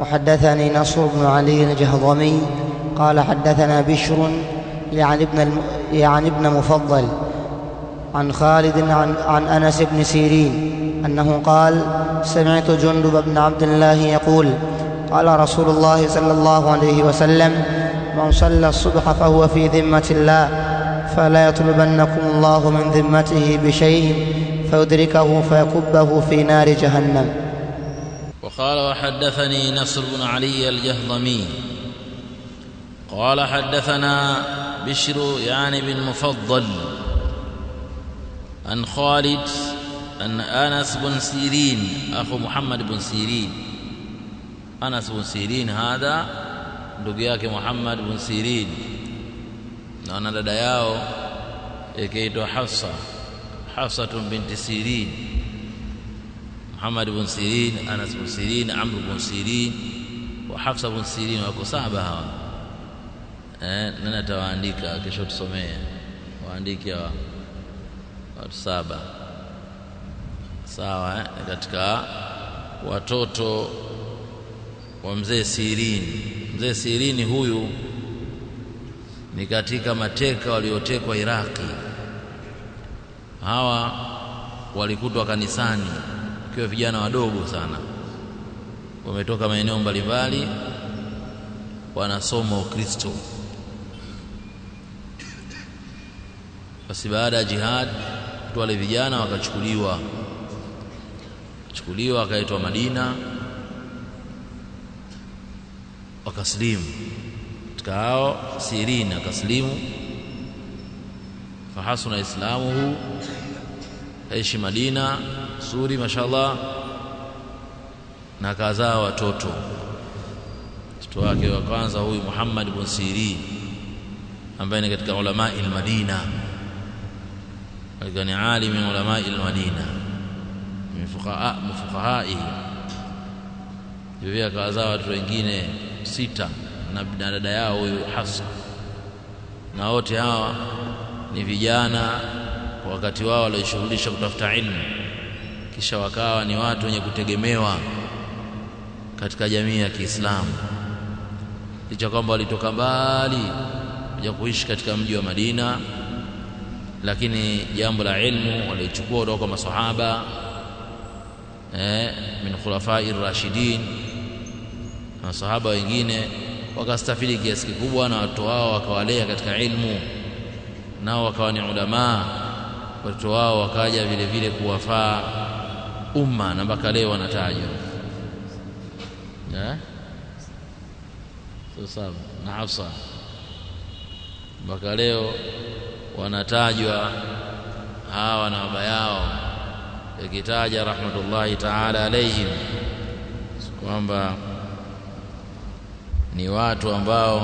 وحدثني نصر بن علي الجهضمي قال حدثنا بشر يعني ابن, يعني ابن مفضل عن خالد عن, عن أنس بن سيرين أنه قال سمعت جندب بن عبد الله يقول قال رسول الله صلى الله عليه وسلم من صلى الصبح فهو في ذمة الله فلا يطلبنكم الله من ذمته بشيء فيدركه فيكبه في نار جهنم وقال وحدثني نصر بن علي الجهضمي قال حدثنا بشر يعني بن مفضل عن خالد أن أنس بن سيرين أخو محمد بن سيرين أنس بن سيرين هذا دقياك محمد بن سيرين انا لدياو wana حفصة حفصة بنت سيرين محمد بن Sirin, Anas بن Sirin, Amr بن Sirin wa بن سيرين وكو wako saba hawa eh, كشو atawaandika kesho? Tusomee waandike hawa watu saba, sawa eh? katika watoto wa mzee Sirini. Mzee Sirini huyu ni katika mateka waliotekwa Iraki. Hawa walikutwa kanisani wakiwa vijana wadogo sana, wametoka maeneo mbalimbali, wanasoma Ukristo. Basi baada ya jihad, wale vijana wakachukuliwa chukuliwa wakaitwa Madina, wakasilimu. Katika hao Sirini akasilimu, fahasuna islamuhu aishi Madina nzuri mashallah na kazaa watoto mtoto wake wa kwanza huyu Muhammad ibn siri ambaye ni katika ulama al-Madina alikuwa ni alimi min ulama al-Madina min fuqaha yeye akazaa akawazaa watu wengine sita na dada yao huyu Hafsa na wote hawa ni vijana kwa wakati wao walioshughulisha kutafuta ilmu, kisha wakawa ni watu wenye kutegemewa katika jamii ya Kiislamu, licha kwamba walitoka mbali kuja kuishi katika mji wa Madina, lakini jambo la ilmu walichukua kutoka kwa masahaba eh, min khulafai rashidin masahaba wengine wakastafidi kiasi kikubwa, na watu wao wakawalea katika ilmu, nao wakawa ni ulamaa watoto wao wakaja vile vile kuwafaa umma na mpaka leo wanatajwa eh? Sosab na Hafsa mpaka leo wanatajwa hawa na baba yao, ikitaja rahmatullahi taala alaihim kwamba ni watu ambao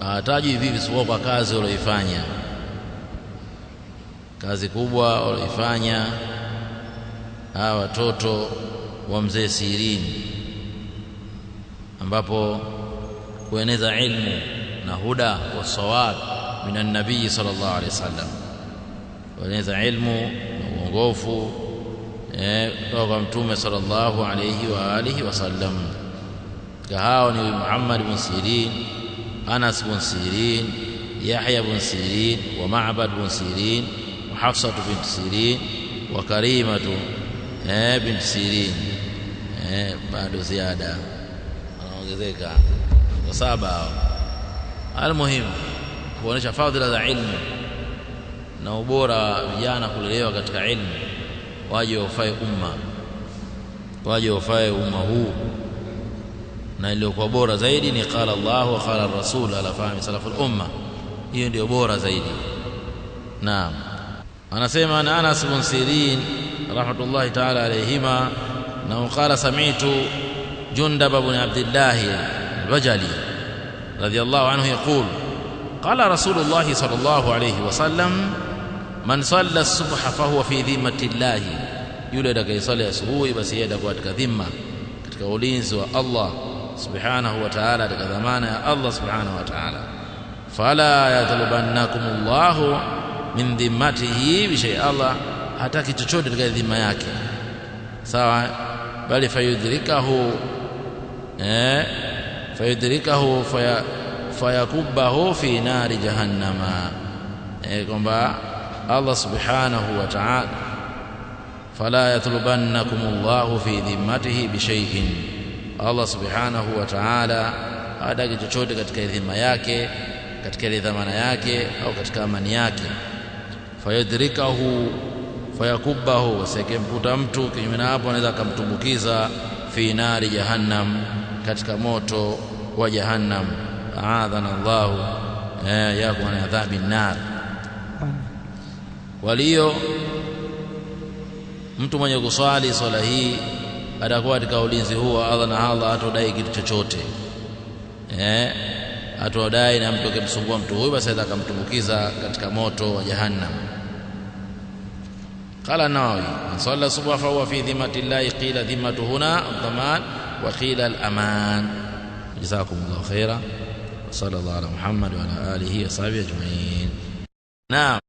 hawatajwi vivi, kwa kazi walioifanya. kazi kubwa waliifanya hawa watoto wa mzee Sirin ambapo kueneza ilmu na huda wa sawab minan nabii sallallahu alaihi wasallam, kueneza ilmu na uongofu eh kwa Mtume sallallahu alaihi wa alihi wasallam. kahao ni Muhammad bin Sirin, Anas bin Sirin, Yahya bin Sirin wa Ma'bad bin Sirin Hafsa bint Sirin wa Karima tu eh, bint Sirin eh, bado ziada anaongezeka kwa saba hao. Almuhimu kuonesha fadhila za ilmu na ubora vijana kulelewa katika ilmu, waje wafae umma, waje wafae umma huu na iliyokuwa bora zaidi ni qala Allah wa qala Rasul ala fahmi salaful umma, hiyo ndio bora zaidi. Naam. anasema na Anas ibn Sirin rahmatullahi ta'ala alayhima na qala sami'tu Jundab ibn Abdullah al-Bajali radiyallahu anhu yaqul qala Rasulullah sallallahu alayhi wasallam man salla as-subha fa huwa fi dhimmati Allah yule atakayesali asubuhi basi yeye atakuwa katika dhimma katika ulinzi wa Allah subhanahu wa ta'ala katika dhamana ya Allah subhanahu wa ta'ala fala yatalabannakum Allahu min dhimmatihi bishay, Allah hataki chochote katika dhima yake, sawa. Bali fayudhrikahu eh, fayudhrikahu faya, fayakubahu fi nari jahannama eh, kwamba Allah subhanahu wa ta'ala fala yatlubannakum Allahu fi dhimmatihi bishay'in, Allah subhanahu wa ta'ala hataki chochote katika dhima yake katika ile dhamana yake au katika amani yake fayadrikahu fayakubahu, sikimkuta mtu kinyume na hapo, anaweza akamtumbukiza fi nari jahannam, katika moto wa jahannam. aadhana Allahu eh, yako na adhabi nar. Walio mtu mwenye kuswali swala hii atakuwa katika ulinzi huo, Allah na Allah hatodai kitu chochote eh atodai na mtu kimsumbua mtu huyu basi atakamtumbukiza katika moto wa jahannam قال النووي من صلى الصبح فهو في ذمة الله قيل ذمة هنا الضمان وقيل الأمان جزاكم الله خيرا وصلى الله على محمد وعلى آله وصحبه أجمعين نعم